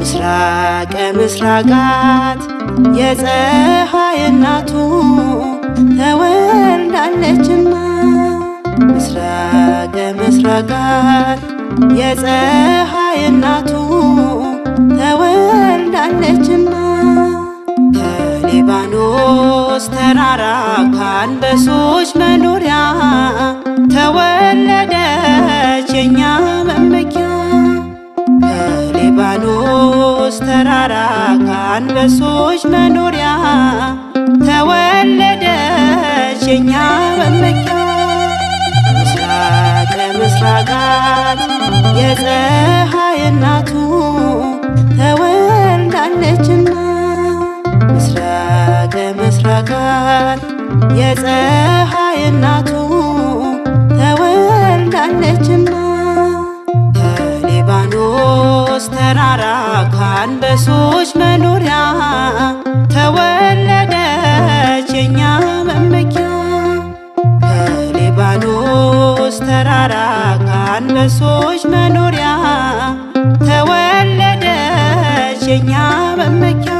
ምስራቀ ምስራቃት የፀሐይ እናቱ ተወልዳለችና ምስራቀ ምስራቃት የፀሐይ እናቱ ተወልዳለችና ከሊባኖስ ተራራ ካንበሶች መኖ ቴዎድሮስ ተራራ ከአንበሶች መኖሪያ ተወለደች የኛ መመኪያ ምስራቀ ምስራቃት የፀሐይ እናቱ ተወልዳለችና ምስራቀ ምስራቃት የፀሐይ እናቱ ተወልዳለችና ከሊባኖስ ተራራ የአንበሶች መኖሪያ ተወለደች የኛ መመኪያ ከሊባኖስ ተራራ ከአንበሶች መኖሪያ ተወለደች የኛ መመኪያ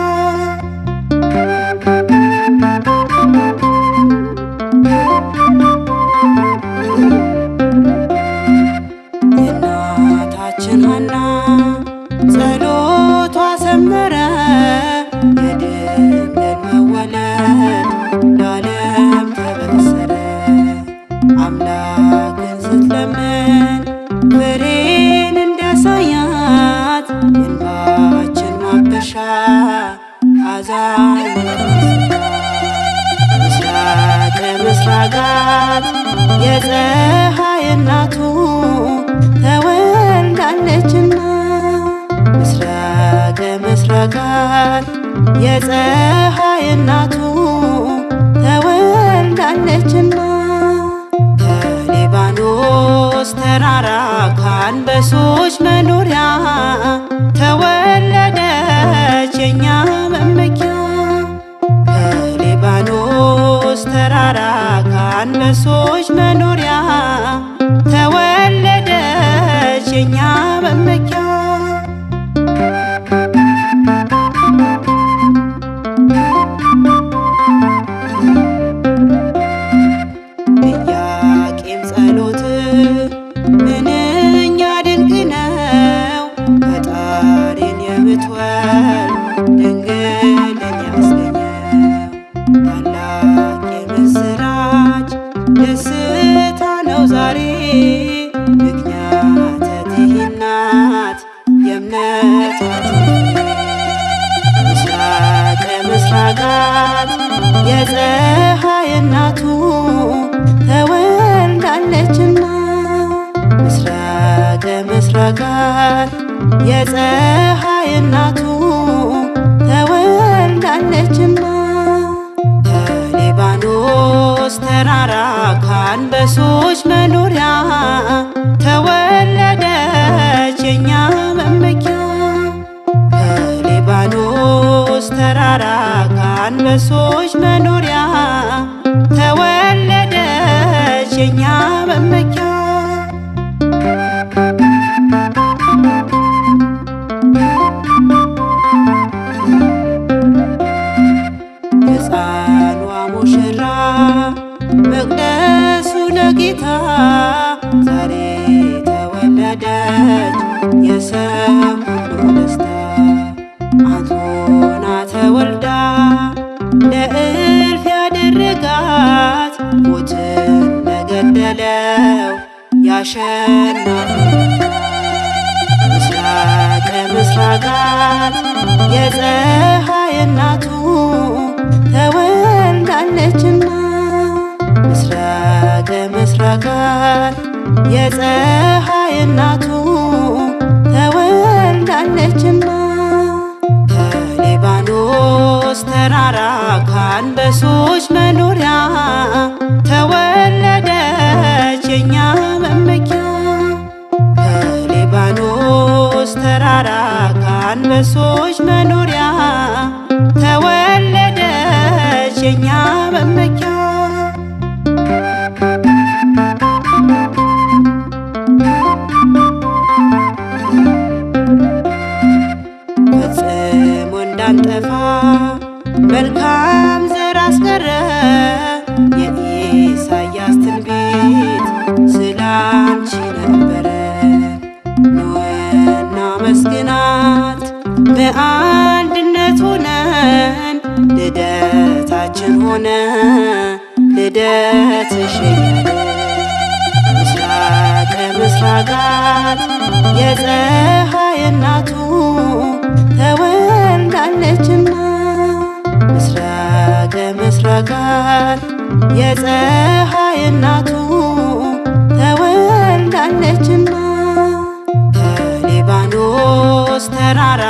ምስራቀ ምስራጋት የፀሐይ እናቱ ተወልዳለችና ምስራቀ ምስራጋት የፀሐይ እናቱ ተወልዳለችና ከሊባኖስ ተራራ ካንበሶ ጋር የፀሐይ እናቱ ተወልዳለችና ምስራቅ ምስራቅ የፀሐይ እናቱ ተወልዳለችና ከሊባኖስ ተራራ ከአንበሶች መኖሪያ ተወለደች የኛ መመኪያ ከሊባኖስ ቴዎድሮስ ተራራ ከአንበሶች መኖሪያ ተወለደች የኛ መመኪያ አሸና ምስራቀ ምስራቃት የፀሐይ እናቱ ተወልዳለችና ምስራቀ ምስራቃት የፀሐይ እናቱ ተወልዳለችና ከሊባኖስ ተራራ ካንበሶ በሶች መኖሪያ ተወለደች የኛ መመኪያ ፈጽሞ እንዳንጠፋ መልካም ዘር አስገረ ቀን ልደታችን ሆነ ልደትሽ ምስራቀ ምስራቃት የፀሐይ እናቱ ተወልዳለችና ምስራቀ ምስራቃት የፀሐይ እናቱ ተወልዳለችና ከሊባኖስ ተራራ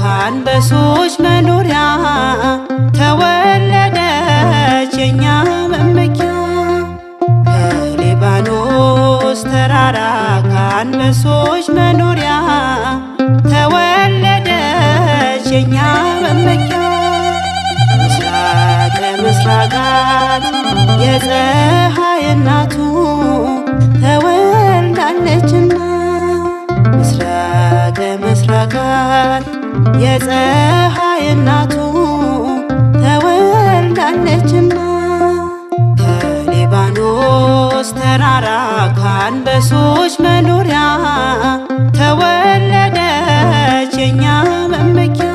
ካንበሶች መኖ የዮሐንሶች መኖሪያ ተወለደች የኛ መመኪያ ምስራቅ ምስራቃት የፀሐይ እናቱ ተወልዳለችና ምስራቅ ምስራቃት የፀሐይ እናቱ ተወልዳለችና ከሊባኖስ ተራራ ካንበሶች መኖሪያ ተወለደች የኛ መመኪያ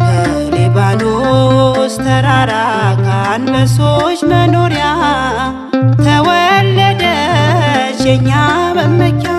ከሊባኖስ ተራራ ከአንበሶች መኖሪያ ተወለደች የኛ መመኪያ